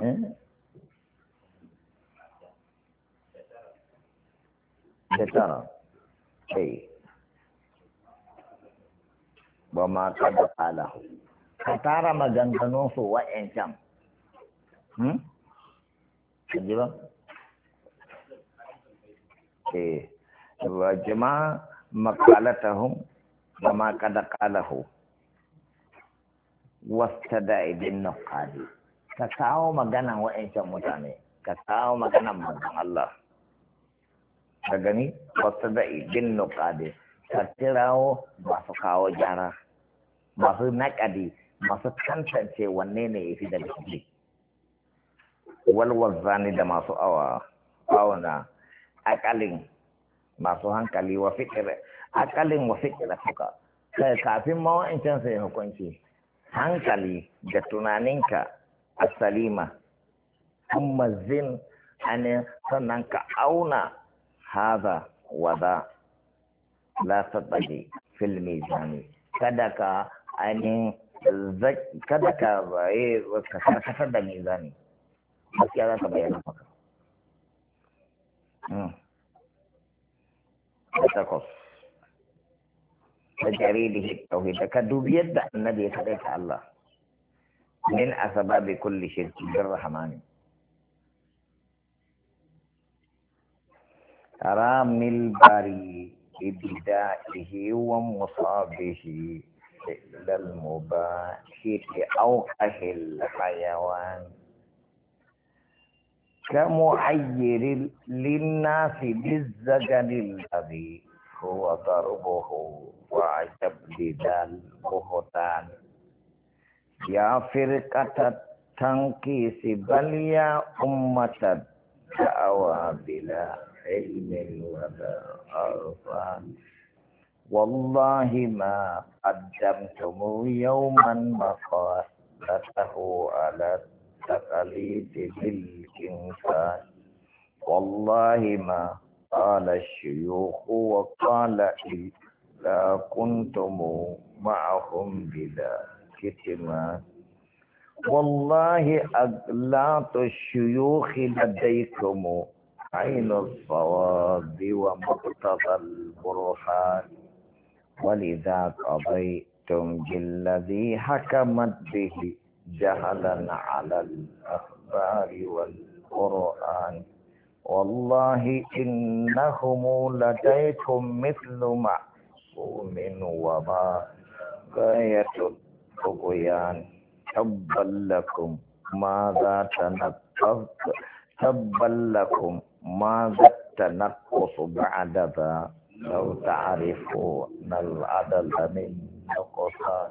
da eh? tara ba ma kada alahu ka tara maganganun su wa'yancan hmm? ji ba? eh wa jama'a makalatahum ba ma kada kalahu wasta da idin na kadi ka kawo maganan wa'ancan mutane ka kawo maganan manzon Allah ka gani wasu da'i bin nuqadi ka tirawo masu kawo gyara masu naƙadi masu tantance wanne ne ya fi daga ciki walwazzani da masu awa awana akalin masu hankali wa fikira akalin wa fikira suka kafin ma wa'ancan sai hukunci hankali da tunaninka السليمة ثم الزن أن يعني سننك أونا هذا وذا لا تطغي في الميزان كدك أن يعني كدك إيه، كسر الميزان بس كذا تبين لك takwas da jaririhi tauhid da ka dubi yadda annabi ya kaɗai ta Allah من أسباب كل شرك بالرحمن كرام الباري بدائه ومصابه إلى او اهل الحيوان كمحير للناس بالزجل الذي هو ضربه وعجب لذا البهتان يا فرقة تنكيس بل يا أمة الدعوى بلا علم ولا عرفان والله ما قدمتم يوما مقاسته على التقاليد بالإنسان والله ما قال الشيوخ وقال إذ لا كنتم معهم بلا كتما والله أغلاط الشيوخ لديكم عين الصواب ومقتضى البرهان ولذا قضيتم بالذي حكمت به جهلا على الأخبار والقرآن والله إنهم لديكم مثل معصوم وما غاية طغيان تبا لكم ماذا تنقصت تبا لكم ماذا التنقص بعد ذا لو تعرفون العدل من نقصان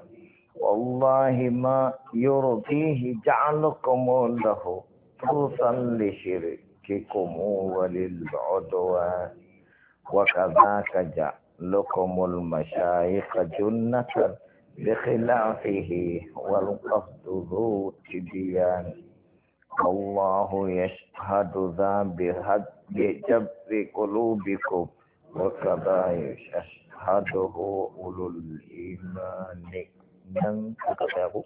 والله ما يرضيه جعلكم له فرصا لشرككم وللعدوان وكذاك جعلكم المشايخ جنة بخلافه والقصد ذو تبيان الله يشهد ذا بجبر قلوبكم وكذا يشهده أولو الإيمان من كتبه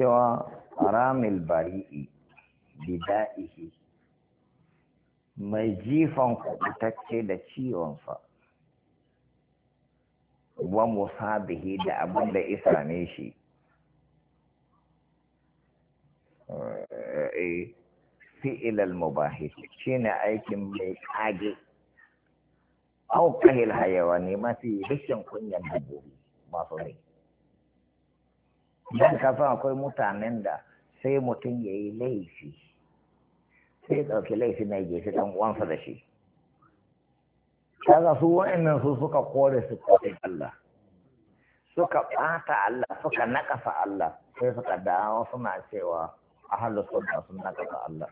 سوى حرام البريء بدائه mai jifan kubutacce da ciwonsa wa musabihi da abin da isa ne shi eh, eh, fi'ilal mubahi ne aikin mai kage au kahil ne mafi rikin kunyan dabbobi masu ne. dan kasan akwai mutanen da sai mutum ya yi laifi sai ya ɗauki laifin na gefe ɗan uwansa da shi kaga su wa'annan su suka kore su kofin Allah suka ɓata Allah suka nakasa Allah sai suka dawo suna cewa ahalus sunna sun nakasa Allah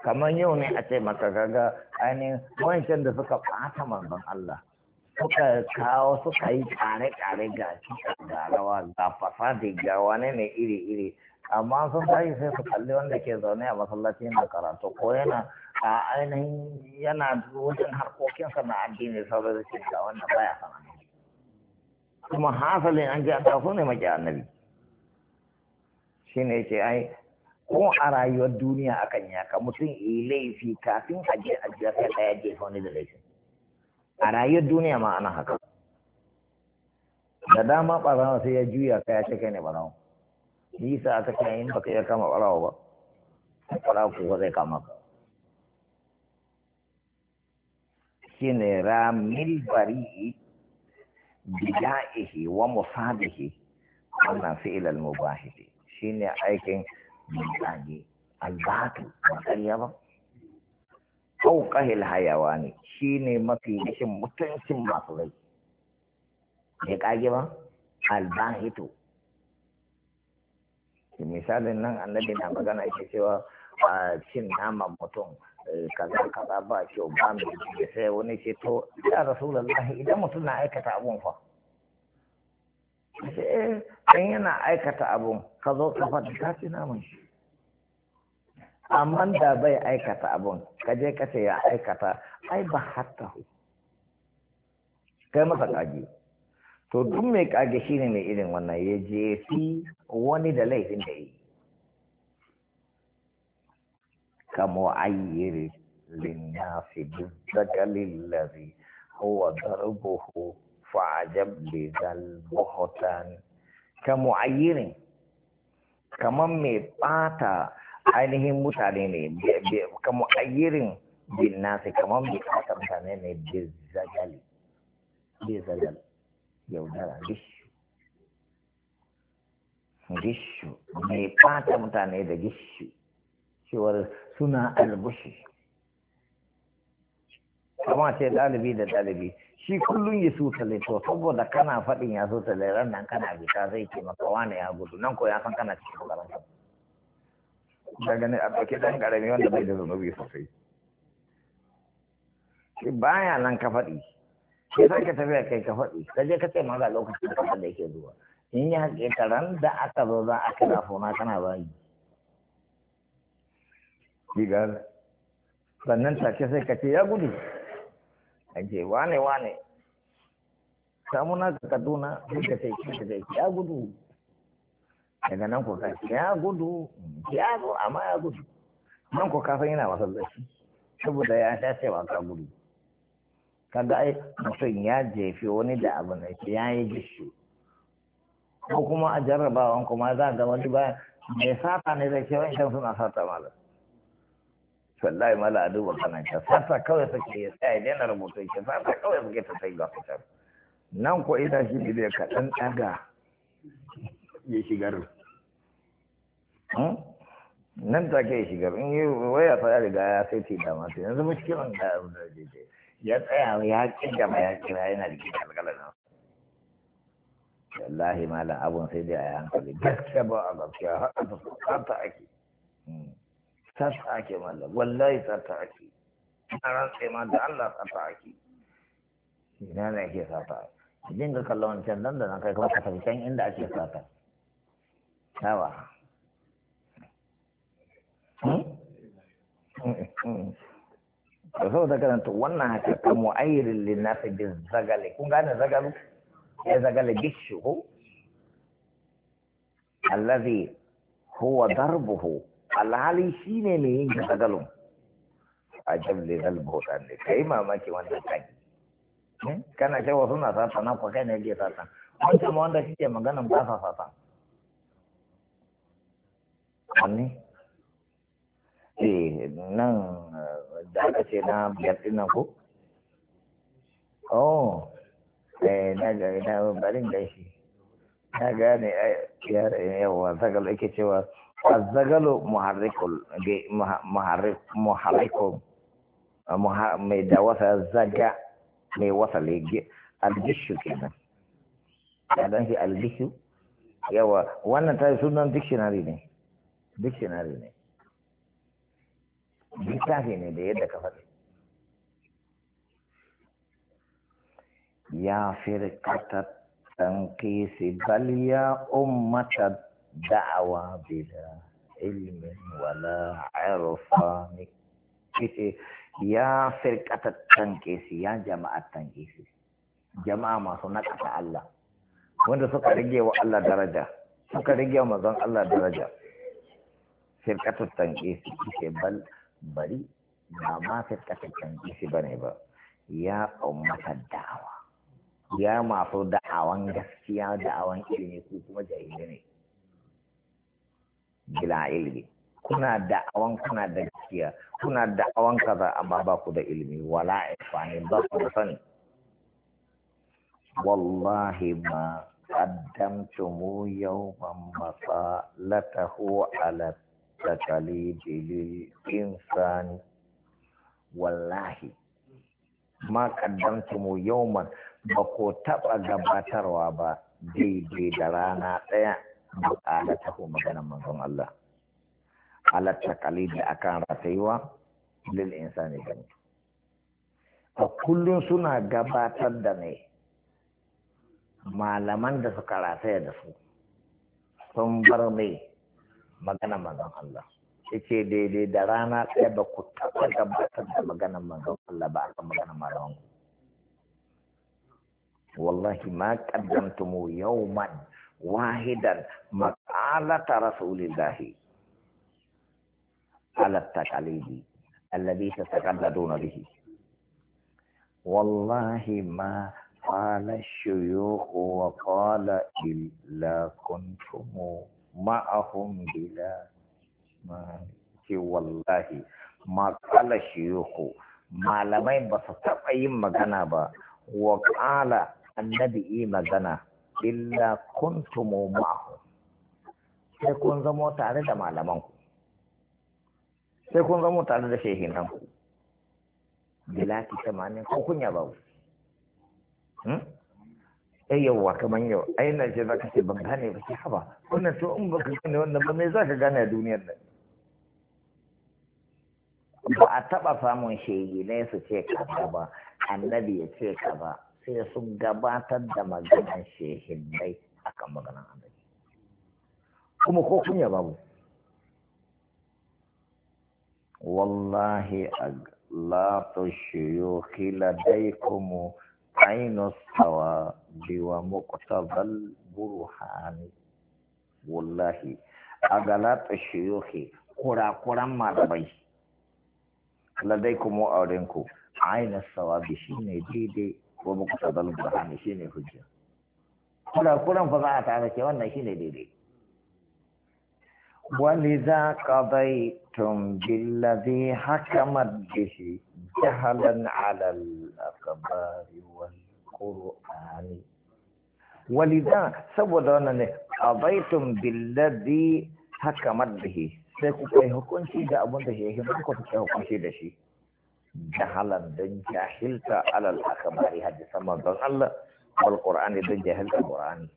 kamar yau ne a ce maka gaga ainihin wancan da suka ɓata manzon Allah suka kawo suka yi tare-tare ga shi, ga rawa ga fasadi ga ne iri-iri amma sun tashi sai su kalli wanda ke zaune a masallaci da karatu ko yana a ainihin yana wajen harkokinsa na addini saboda da ga wanda baya sana kuma hasalin an ji an taso ne maki annabi ne ce ai ko a rayuwar duniya akan yaka mutum yi laifi kafin a je a jiya kai ɗaya jefa wani da laifin a rayuwar duniya ma ana haka da dama ɓarawa sai ya juya kai ya ce kai ne ɓarawa shi yasa aka ce in baka iya kama barawa ba barawa ko zai kama ka shine ramil bari'i bida'ihi wa musabihi wannan fi'il al shi ne aikin mutane albatu ba ƙarya ba ne shi shine mafi rashin mutuncin masu rai bai ƙage ba albahito misalin nan annabi na magana ita cewa a cin naman mutum eh, kaza kaza ba kyau ba mai da sai wani ce to ya rasulullah idan mutum na aikata abun fa sai eh, dan yana aikata abun ka zo ka faɗi ka ci naman amma da bai aikata abun ka je ka ce ya aikata ai ba hatta kai masa kaji to duk mai kage shi ne mai irin wannan ya je fi wani da laifin da yi kamo ayyiri linnafi bizzagalin lari huwa darbuhu fa'ajab bizal buhutan kamo ayyirin kamar mai bata ainihin mutane ne kamo ayyirin bin kamar mai bata mutane ne bi zagali yaudara gishu gishu mai fata mutane da gishu cewar suna albushi kama ce ɗalibi da ɗalibi shi kullum ya su to saboda kana faɗin ya sutale tale ran nan kana bita zai ke maka wane ya gudu nan ko ya san kana cikin makaranta daga ne a ɗauki ɗan ƙarami wanda bai da zunubi sosai shi baya nan ka faɗi sai za ka tafiya kai ka faɗi ka je ka ce maza lokacin kasar da yake zuwa in yi haƙe karan da aka zo za a kira fona kana bayi digar sannan take sai ka ce ya gudu a ce wane wane samuna ka kaduna sai ka ce ka ce ya gudu daga nan ko kai ya gudu ya zo amma ya gudu nan ko kafin yana masallaci saboda ya ta ce wa ka gudu kaga ai mutum ya jefi wani da abu na ya yi gishu ko kuma a jarrabawan kuma za ga wani ba mai sata ne da ke wancan suna sata mala sallai mala a duba kananta sata kawai suke ya tsaya ne na rubuta ke sata kawai suke ta sai ga fitar nan ko ita shi ne da kaɗan ɗaga ya shigar hmm? nan take ya shigar in yi waya ta riga ya sai ta damar sai yanzu mushkilan da ya zama daidai ya tsaya ya ci gaba ya kira yana da kika alƙalar wallahi malam abun sai dai a yi hankali gaskiya ba a gaskiya har da sata ake hmm. sata ake malam wallahi sata ake na rantse ma da Allah sata ake ina ne ake sata ake dinga kallon wancan nan da nan kai kuma ka tafi can inda ake sata yawa hmm? Hmm, da sau da karanta wannan haka ka mu'ayirin linnafi bi zagale kun gane zagalu ya zagale bi ko allazi huwa darbuhu alhali shine ne yin zagalun ajab li dalbu dan ne kai mamaki wannan kai hmm? kana cewa suna sata na kwa kai ne bai sata wanda ma wanda kike maganan ba sa sata ne eh nan da aka ce na biyar ɗin ko? Oh, eh na ga na barin gaishe. Na gane eh, yar eh, yawa zagalo yake cewa azzagalo muharrikul muharrikul ah, mai da wasa zaga mai wasa lege aljishu kenan. Ya dan shi aljishu? Yawa wannan ta sunan dictionary ne. Dictionary ne. littafi ne da yadda ka faɗi ya firkata tankisi bal ya ummata da'awa bila ilmin wala irfani kike ya firkata tankisi ya jama'a tankisi jama'a masu nakasa Allah wanda suka rage wa Allah daraja suka rage wa mazan Allah daraja firkatu tankisi kike bal bari ba ma can isi ba ne ba ya mata da'awa ya masu da'awan gaskiya da'awan ilimi ko kuma jahili ne bila ilimi kuna da'awan kuna da gaskiya kuna da'awan kaza amma ba ku da ilimi wala ifani ba ku da sani wallahi ma qaddamtumu yawman latahu ala tatali dalil insan wallahi ma kaddamtumu yawman ba ko taɓa gabatarwa ba dai daidai da rana ɗaya ba ta ko maganar manzon Allah ala takali da akan ratayuwa lil insani da ni a kullum suna gabatar da ne malaman da suka rataya da su sun bar ne magana manzon Allah yace daidai da rana ɗaya ba ku taɓa gabatar da magana manzon Allah ba akan magana malaman wallahi ma qaddamtumu yawman wahidan maqalata rasulillahi ala taqalidi alladhi tataqalladuna bihi wallahi ما قال الشيوخ وقال إلا كنتم ma'ahum bila ma ce wallahi ma kala shiyuhu malamai ba su taɓa yin magana ba wa kala annabi yi magana illa kuntumu ma'ahum sai kun zamo tare da malamanku sai kun zamo tare da shehinanku bila ki tamanin ko kunya ba ku? Hmm? ai yawwa kaman yau ai na ce zaka ce ban gane ba ki haba wannan to in baka gane wannan ba me zaka gane a duniyar nan ba a taba samun shege ne su ce kaza ba annabi ya ce kaza sai sun gabatar da maganar a akan maganar annabi kuma ko kunya babu wallahi kila dai komo. aino sawa biwa muqtabal buruhani wallahi agalat shuyuhi kura kura malamai ladai kuma auren ku aina sawa bi shine dide wa muqtabal buruhani shine hujja kura kura fa za a tare ke wannan shine dide wani za ka bai tun gila zai shi ta alal a kabari wani koro a saboda wani abaitun a bai tun gila zai shi sai ku kai hukunci da abunda da shi ya kuma ku hukunci da shi da halin da jahilta alal a kabari hajji don Allah wal qur'ani da jahilta qur'ani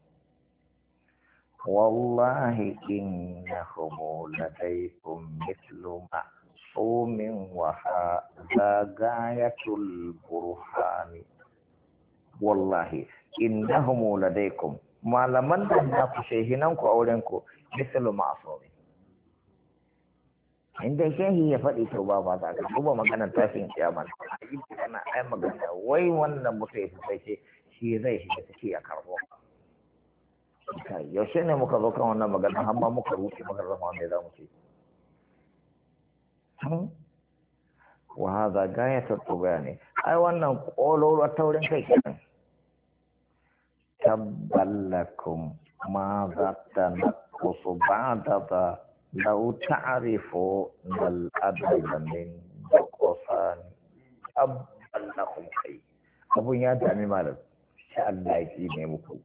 والله إنهم لديكم مثل معصوم وهذا غاية البرهان والله إنهم لديكم ما لمن نفسه شيهنكم أولنكم مثل معصوم inda shehi ya faɗi to ba ba za ka duba maganar tashin kiyama ana ai magana wai wannan mutum ya fi fice shi zai shiga ciki a karbo yaushe ne muka zo kan wannan magana har muka rufe muka zama wanda za mu ce hmm? wa ta tsogaya ne ai wannan kololo taurin kai kenan tabballakum ma ba da ba'da لو تعرفوا ان الادب من نقصان اب لكم خير abun ya دامي مالك ان allaki ne muku.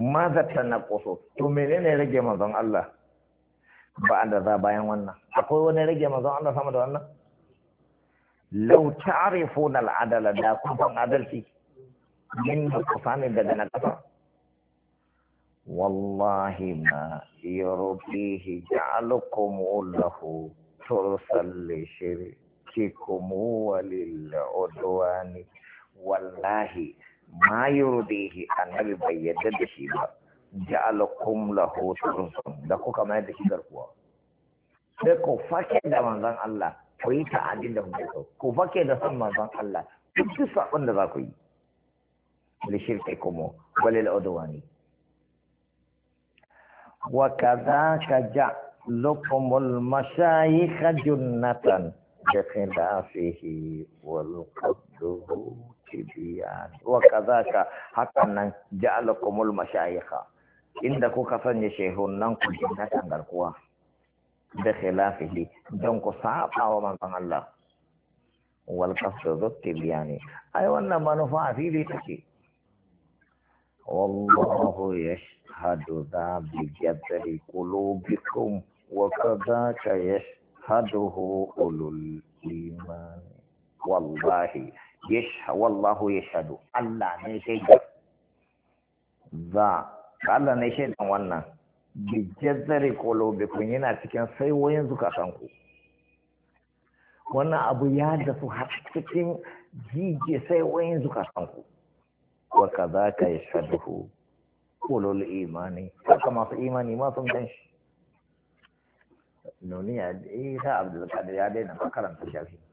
na تنقص to menene rage manzon Allah ba da za bayan wannan akwai wani rage manzon Allah sama da wannan law ta'rifuna al-adala da kun san adalci min kufani daga na kasa wallahi ma yurdihi ja'alukum lahu tursan li shirkikum wa udwani wallahi ma yurdihi annabi bai yadda da shi ba ja'alakum lahu tursun da kuka mai da shi garkuwa sai ku fake da manzon Allah ku yi ta'adin da kuke so ku fake da san manzon Allah duk sabon da za ku yi li shirkikum wa lil udwani wa kadhaka ja'alakumul mashayikha junnatan bi khilafihi wal qadru tibiyan wa kazaka hakan nan ja'alakumul mashayikha inda kuka sanya shehun nan ku na garkuwa da khilafihi don ku saba wa manzon Allah wal qasdu tibiyani ai wannan manufa a fili take والله يشهد ذا بجبر قلوبكم وكذاك يشهده ulul الإيمان wallahi wallahu yashhadu Allah ne shaida za Allah ne shaidan wannan bi jazzari kun yana cikin saiwoyin ku wannan abu ya dafu har cikin jije saiwoyin ku wa kadhaka yashhaduhu ulul imani haka masu imani ma sun gan shi nuniya eh sa abdul kadir ya daina karanta shafi